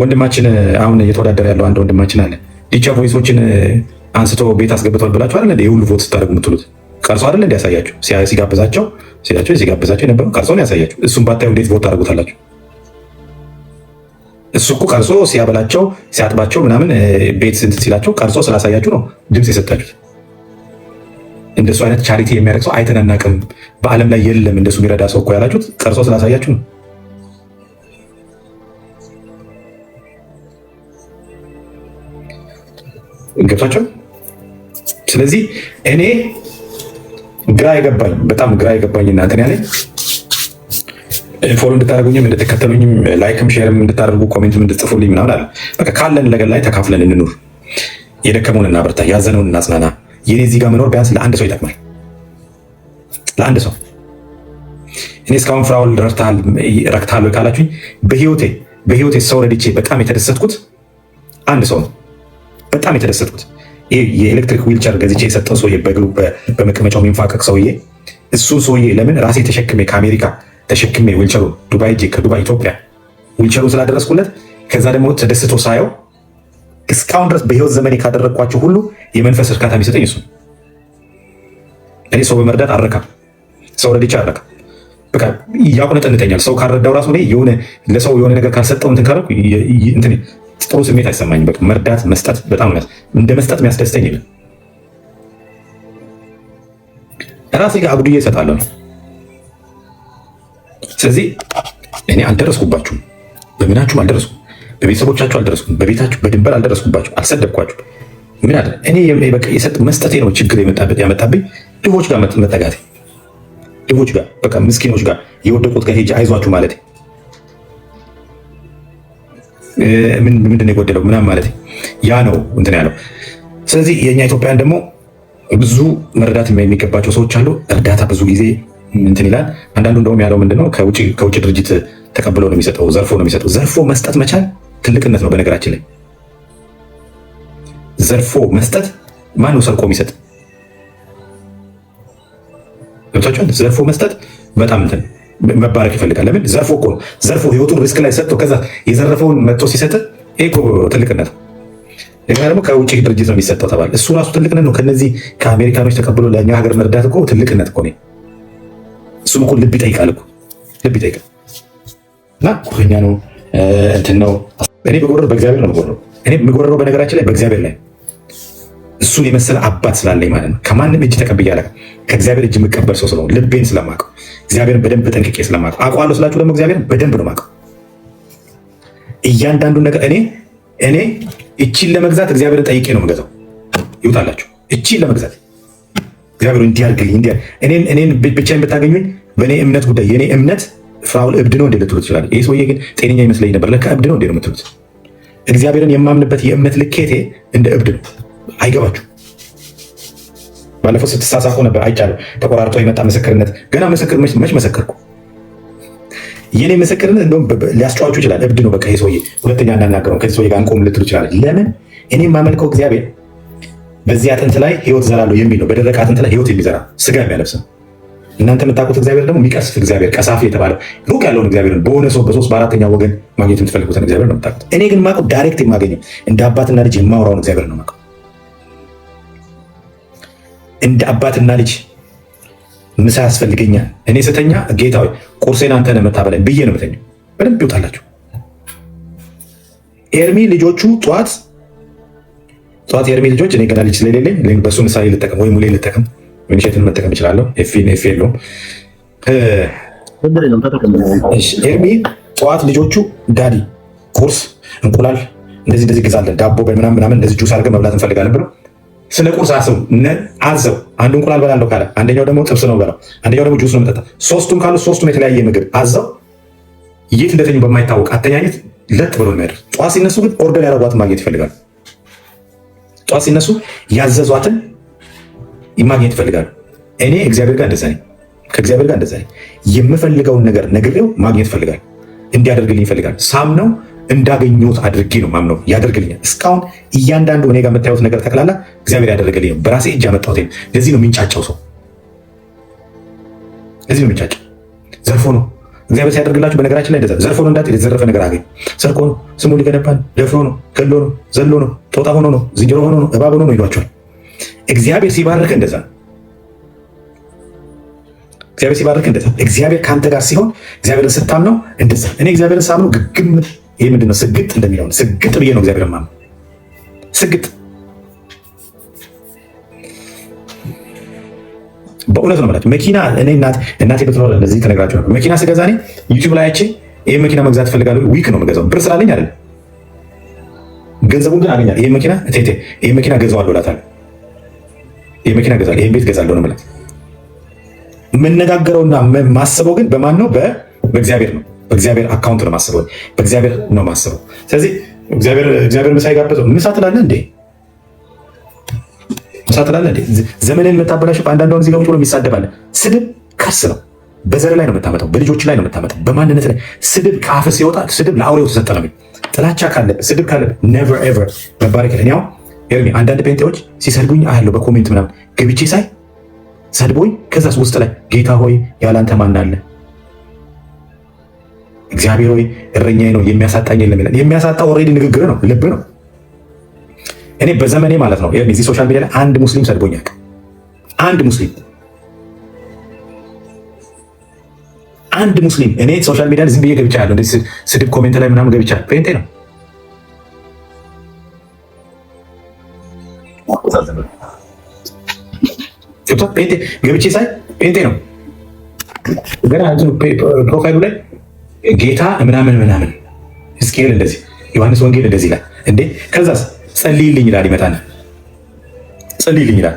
ወንድማችን አሁን እየተወዳደረ ያለው አንድ ወንድማችን አለ። ዲቻ ቮይሶችን አንስቶ ቤት አስገብቷል ብላችሁ አለ የሁሉ ቮት ስታደርጉ የምትሉት ቀርሶ አይደል እንዲ ያሳያችሁ ሲጋብዛቸው ሲላቸው ሲጋብዛቸው የነበረው ቀርሶ ነው ያሳያችሁ። እሱም ባታዩ እንዴት ቮት ታደርጉታላችሁ? እሱ እኮ ቀርሶ ሲያበላቸው ሲያጥባቸው ምናምን ቤት ስንት ሲላቸው ቀርሶ ስላሳያችሁ ነው ድምፅ የሰጣችሁት። እንደሱ አይነት ቻሪቲ የሚያደርግ ሰው አይተን አናውቅም፣ በዓለም ላይ የለም እንደሱ የሚረዳ ሰው እኮ ያላችሁት ቀርሶ ስላሳያችሁ ነው። ገብቷቸው። ስለዚህ እኔ ግራ የገባኝ በጣም ግራ የገባኝ እና እንትን ያለኝ ፎሎ እንድታደርጉኝም እንድትከተሉኝም ላይክም ሼርም እንድታደርጉ ኮሜንትም እንድትጽፉልኝ ምናምን አለ። በቃ ካለን ነገር ላይ ተካፍለን እንኑር። የደከመውን እናበርታ፣ ያዘነውን እናጽናና። የኔ እዚህ ጋር መኖር ቢያንስ ለአንድ ሰው ይጠቅማል። ለአንድ ሰው እኔ እስካሁን ፍራውል ረክታል ካላችሁኝ በህይወቴ በህይወቴ ሰው ረድቼ በጣም የተደሰትኩት አንድ ሰው ነው። በጣም የተደሰትኩት ይህ የኤሌክትሪክ ዊልቸር ገዝቼ የሰጠው ሰውዬ በእግሩ በመቀመጫው የሚንፋቀቅ ሰውዬ እሱ ሰውዬ ለምን ራሴ ተሸክሜ ከአሜሪካ ተሸክሜ ዊልቸሩ ዱባይ እጄ ከዱባይ ኢትዮጵያ ዊልቸሩ ስላደረስኩለት ከዛ ደግሞ ተደስቶ ሳየው እስካሁን ድረስ በህይወት ዘመኔ ካደረግኳቸው ሁሉ የመንፈስ እርካታ የሚሰጠኝ እሱ። እኔ ሰው በመርዳት አረካ ሰው ረድቼ አረካ በቃ ያቁነጠንጠኛል። ሰው ካረዳው ራሱ የሆነ ለሰው የሆነ ነገር ካልሰጠው እንትን ጥሩ ስሜት አይሰማኝም። በቃ መርዳት መስጠት በጣም እንደ መስጠት የሚያስደስተኝ የለም። ራሴ ጋር አጉድዬ እሰጣለሁ ነው። ስለዚህ እኔ አልደረስኩባችሁም፣ በምናችሁም አልደረስኩ፣ በቤተሰቦቻችሁ አልደረስኩም፣ በቤታችሁ በድንበር አልደረስኩባችሁ፣ አልሰደብኳችሁ። ምን አለ እኔ የሰጥ መስጠቴ ነው ችግር ያመጣብኝ። ድሆች ጋር መጠጋቴ፣ ድሆች ጋር በቃ ምስኪኖች ጋር የወደቁት ጋር ሄጄ አይዟችሁ ማለት ምንድን የጎደለው ምናምን ማለት ያ ነው እንትን ያለው። ስለዚህ የእኛ ኢትዮጵያን ደግሞ ብዙ መረዳት የሚገባቸው ሰዎች አሉ። እርዳታ ብዙ ጊዜ እንትን ይላል። አንዳንዱ እንደውም ያለው ምንድነው ከውጭ ድርጅት ተቀብሎ ነው የሚሰጠው፣ ዘርፎ ነው የሚሰጠው። ዘርፎ መስጠት መቻል ትልቅነት ነው። በነገራችን ላይ ዘርፎ መስጠት ማነው ሰርቆ የሚሰጥ? ዘርፎ መስጠት በጣም እንትን መባረክ ይፈልጋል። ለምን ዘርፎ እኮ ዘርፎ ህይወቱን ሪስክ ላይ ሰጥቶ ከዛ የዘረፈውን መጥቶ ሲሰጥ እኮ ትልቅነት እንደገና ደግሞ ከውጭ ድርጅት ነው የሚሰጠው ተባለ። እሱ ራሱ ትልቅነት ነው። ከነዚህ ከአሜሪካኖች ተቀብሎ ለእኛ ሀገር መርዳት እኮ ትልቅነት እኮ ነው። እሱም እኮ ልብ ይጠይቃል እኮ ልብ ይጠይቃል። እና ኩኛ ነው እንትን ነው። እኔ በጎረር በእግዚአብሔር ነው የምጎረረው። እኔ የምጎረረው በነገራችን ላይ በእግዚአብሔር ላይ እሱን የመሰለ አባት ስላለኝ ማለት ነው። ከማንም እጅ ተቀብያ ላ ከእግዚአብሔር እጅ የምቀበል ሰው ስለሆነ ልቤን ስለማውቀው እግዚአብሔርን በደንብ ጠንቅቄ ስለማውቀው አውቀዋለሁ ስላችሁ ደግሞ እግዚአብሔርን በደንብ ነው የማውቀው። እያንዳንዱን ነገር እኔ እኔ እቺን ለመግዛት እግዚአብሔርን ጠይቄ ነው የምገዛው። ይውጣላችሁ። እቺን ለመግዛት እግዚአብሔር እንዲያርግልኝ እንዲያ እኔን እኔን ብቻዬን ብታገኙኝ በእኔ እምነት ጉዳይ የእኔ እምነት ፍራውል እብድ ነው እንዴ ልትሉ ይችላል። ይህ ሰውዬ ግን ጤነኛ ይመስለኝ ነበር። ለካ እብድ ነው እንዴ ነው የምትሉት። እግዚአብሔርን የማምንበት የእምነት ልኬቴ እንደ እብድ ነው። አይገባችሁ። ባለፈው ስትሳሳፉ ነበር አይቻለሁ። ተቆራርጦ የመጣ ምስክርነት ገና ምስክር መች መሰከርኩ? የኔ ምስክርነት እንደውም ሊያስጫዋቹ ይችላል። እብድ ነው በቃ ይህ ሰውዬ፣ ሁለተኛ እናናገረው ከዚህ ሰውዬ ጋር ልትሉ ይችላል። ለምን እኔ የማመልከው እግዚአብሔር በዚህ አጥንት ላይ ህይወት ዘራለሁ የሚል ነው። በደረቀ አጥንት ላይ ህይወት የሚዘራ ስጋ የሚያለብስ እናንተ የምታውቁት እግዚአብሔር ደግሞ የሚቀስፍ እግዚአብሔር፣ ቀሳፊ የተባለ ሩቅ ያለውን እግዚአብሔር፣ በሆነ ሰው በሶስት በአራተኛ ወገን ማግኘት የምትፈልጉትን እግዚአብሔር ነው የምታውቁት። እኔ ግን ማውቀው ዳይሬክት የማገኘው እንደ አባትና ልጅ የማውራውን እግዚአብሔር ነው ማቁ። እንደ አባትና ልጅ ምሳ ያስፈልገኛል። እኔ ስተኛ ጌታ ቁርሴን አንተ ነህ የምታበላኝ ብዬ ነው የምተኛው። በደንብ ይውጣላችሁ። ኤርሚ ልጆቹ ጠዋት ጠዋት የኤርሚ ልጆች እኔ ገና ልጅ ስለሌለኝ በሱ ምሳሌ ልጠቀም ወይ ሙሌ ልጠቀም ኢኒሼቲቭን መጠቀም ይችላለሁ። ኤፍን ኤፍ የለውም። ኤርሚ ጠዋት ልጆቹ ዳዲ ቁርስ እንቁላል እንደዚህ እንደዚህ ግዛለን ዳቦ በምናምን ምናምን እንደዚህ ጁስ አድርገን መብላት እንፈልጋለን ብለው ስለ ቁርስ አስቡ አዘው አንዱ እንቁላል በላለሁ ካለ አንደኛው ደግሞ ጥብስ ነው በለው፣ አንደኛው ደግሞ ጁስ ነው የምጠጣ ሶስቱም ካሉ ሶስቱም የተለያየ ምግብ አዘው የት እንደተኙ በማይታወቅ አተኛኘት ለጥ ብሎ የሚያደርግ ጠዋት ሲነሱ ግን ኦርደር ያደረጓትን ማግኘት ይፈልጋሉ። ጠዋት ሲነሱ ያዘዟትን ማግኘት ይፈልጋሉ። እኔ እግዚአብሔር ጋር እንደዛ ነኝ፣ ከእግዚአብሔር ጋር እንደዛ ነኝ። የምፈልገውን ነገር ነግሬው ማግኘት ይፈልጋል፣ እንዲያደርግልኝ ይፈልጋል። ሳም ነው እንዳገኘሁት አድርጌ ነው ማምነው። ያደርግልኛል። እስካሁን እያንዳንዱ እኔ ጋር የምታዩት ነገር ተቀላላ እግዚአብሔር ያደረገልኝ በራሴ እጅ ያመጣሁት። ለዚህ ነው የሚንጫጫው ሰው፣ ለዚህ ነው የሚንጫጫው። ዘርፎ ነው እግዚአብሔር ሲያደርግላችሁ። በነገራችን ላይ እንደዛ ዘርፎ ነው እንዳት የተዘረፈ ነገር አገኝ። ሰርቆ ነው፣ ስሙ ሊገነባን ደፍሮ ነው፣ ገሎ ነው፣ ዘሎ ነው፣ ጦጣ ሆኖ ነው፣ ዝንጀሮ ሆኖ ነው፣ እባብ ሆኖ ነው ይሏቸዋል። እግዚአብሔር ሲባርክ እንደዛ እግዚአብሔር ሲባርክ እንደዛ። እግዚአብሔር ከአንተ ጋር ሲሆን እግዚአብሔርን ስታምነው እንደዛ። እኔ እግዚአብሔርን ሳምነው ግግም ይሄ ምንድነው ስግጥ እንደሚለው ስግጥ ብዬ ነው እግዚአብሔር ማም ስግጥ በእውነት ነው ማለት መኪና እኔ እናት እናቴ ብትኖር እንደዚህ ተነግራችሁ ነበር። መኪና ስገዛ እኔ ዩቲዩብ ላይ አይቼ ይሄ መኪና መግዛት ፈልጋለሁ ዊክ ነው የምገዛው ብር ስላለኝ አይደል፣ ገንዘቡን ግን አገኛል። ይሄ መኪና እቴቴ ይሄ መኪና ገዛዋለሁ እላታለሁ። ይሄ መኪና ገዛለሁ፣ ይሄ ቤት ገዛለሁ ነው ማለት። የምነጋገረውና ማስበው ግን በማን ነው? በእግዚአብሔር ነው። በእግዚአብሔር አካውንት ነው ማስበው፣ በእግዚአብሔር ነው ማስበው። ስለዚህ እግዚአብሔር ምሳ የጋበዘው ምሳ ትላለህ እንዴ? ምሳ ትላለህ እንዴ? ዘመንን የምታበላሽው አንዳንድ ጊዜ ጋር ውጭ የሚሳደባለ ስድብ ከርስ ነው። በዘር ላይ ነው የምታመጣው፣ በልጆች ላይ ነው የምታመጣው፣ በማንነት ላይ ስድብ ከአፍ ሲወጣ ስድብ ለአውሬው ተሰጠ ነው። ጥላቻ ካለ ስድብ ካለ ነቨር ኤቨር መባረክ ያው ኤርሚ አንዳንድ ጴንጤዎች ሲሰድቡኝ አያለሁ በኮሜንት ምናምን ገብቼ ሳይ ሰድቦኝ ከዛስ ውስጥ ላይ ጌታ ሆይ ያላንተ ማን አለ እግዚአብሔር ሆይ እረኛዬ ነው የሚያሳጣኝ የለም ይላል። የሚያሳጣ ኦልሬዲ ንግግር ነው፣ ልብ ነው። እኔ በዘመኔ ማለት ነው እዚህ ሶሻል ሚዲያ ላይ አንድ ሙስሊም ሰድቦኝ ያውቅ አንድ ሙስሊም አንድ ሙስሊም እኔ ሶሻል ሚዲያ ዝም ብዬ ገብቻለሁ። እንደዚህ ስድብ ኮሜንት ላይ ምናምን ገብቻለሁ። ጴንጤ ነው ገብቼ ሳይ ጴንጤ ነው ገና ፕሮፋይሉ ላይ ጌታ ምናምን ምናምን ሕዝቅኤል እንደዚህ ዮሐንስ ወንጌል እንደዚህ ይላል እንዴ። ከዛስ ጸልይልኝ ይላል። ይመጣና ጸልይልኝ ይላል።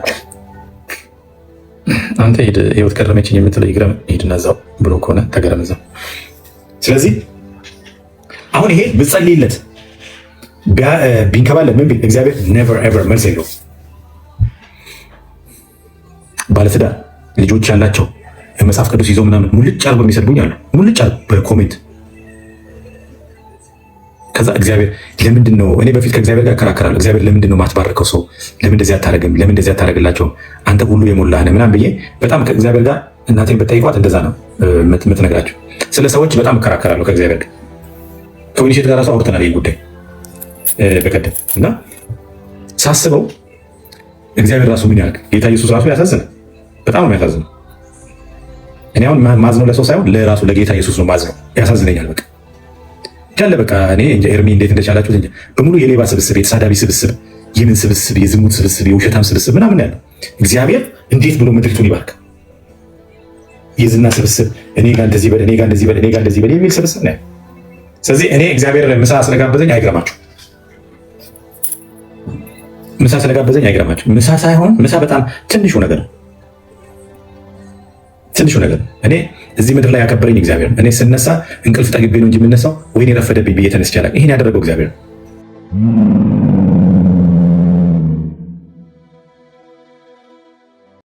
አንተ ሄድ ህይወት ገረመችኝ የምትለው ይግረም ሄድና እዛው ብሎ ከሆነ ተገረም እዛው። ስለዚህ አሁን ይሄ ብጸልይለት ቢንከባለት ምን ቢል እግዚአብሔር ኔቨር ኤቨር መልስ የለውም። ባለትዳር ልጆች ያላቸው መጽሐፍ ቅዱስ ይዞ ምናምን ሙልጭ አርጎ የሚሰድቡኝ አሉ። ሙልጭ አርጎ በኮሜንት ከዛ እግዚአብሔር ለምንድን ነው እኔ በፊት ከእግዚአብሔር ጋር እከራከራለሁ። እግዚአብሔር ለምንድን ነው ማትባርከው ሰው ለምን እንደዚህ አታደርግም? ለምን እንደዚህ አታደርግላቸውም? አንተ ሁሉ የሞላህ ነህ ምናምን ብዬ በጣም ከእግዚአብሔር ጋር እናቴን በጠይቋት እንደዛ ነው የምትነግራቸው። ስለ ሰዎች በጣም እከራከራለሁ ከእግዚአብሔር ጋር። ከዊኒሼት ጋር ራሱ አውርተናል ይህ ጉዳይ በቀደም እና ሳስበው እግዚአብሔር ራሱ ምን ያርግ። ጌታ ኢየሱስ ራሱ ያሳዝናል። በጣም ነው ያሳዝነው። እኔ አሁን ማዝነው ለሰው ሳይሆን ለራሱ ለጌታ ኢየሱስ ነው ማዝነው። ያሳዝነኛል በቃ እንዳለ በቃ እኔ ኤርሚ እንዴት እንደቻላችሁት እንጂ በሙሉ የሌባ ስብስብ፣ የተሳዳቢ ስብስብ፣ የምን ስብስብ፣ የዝሙት ስብስብ፣ የውሸታም ስብስብ ምናምን ያለው እግዚአብሔር እንዴት ብሎ ምድሪቱን ይባርክ። የዝና ስብስብ እኔ ጋር እንደዚህ በል፣ እኔ ጋር እንደዚህ በል፣ እኔ ጋር እንደዚህ በል የሚል ስብስብ ነው። ስለዚህ እኔ እግዚአብሔር ምሳ ስለጋበዘኝ አይገርማችሁ፣ ምሳ ስለጋበዘኝ አይገርማችሁ። ምሳ ሳይሆን ምሳ በጣም ትንሹ ነገር ነው፣ ትንሹ ነገር ነው እኔ እዚህ ምድር ላይ ያከበረኝ እግዚአብሔር። እኔ ስነሳ እንቅልፍ ጠግቤ ነው እንጂ የምነሳው ወይኔ ረፈደብኝ ብዬ ተነስቻለሁ። ይህን ያደረገው እግዚአብሔር ነው።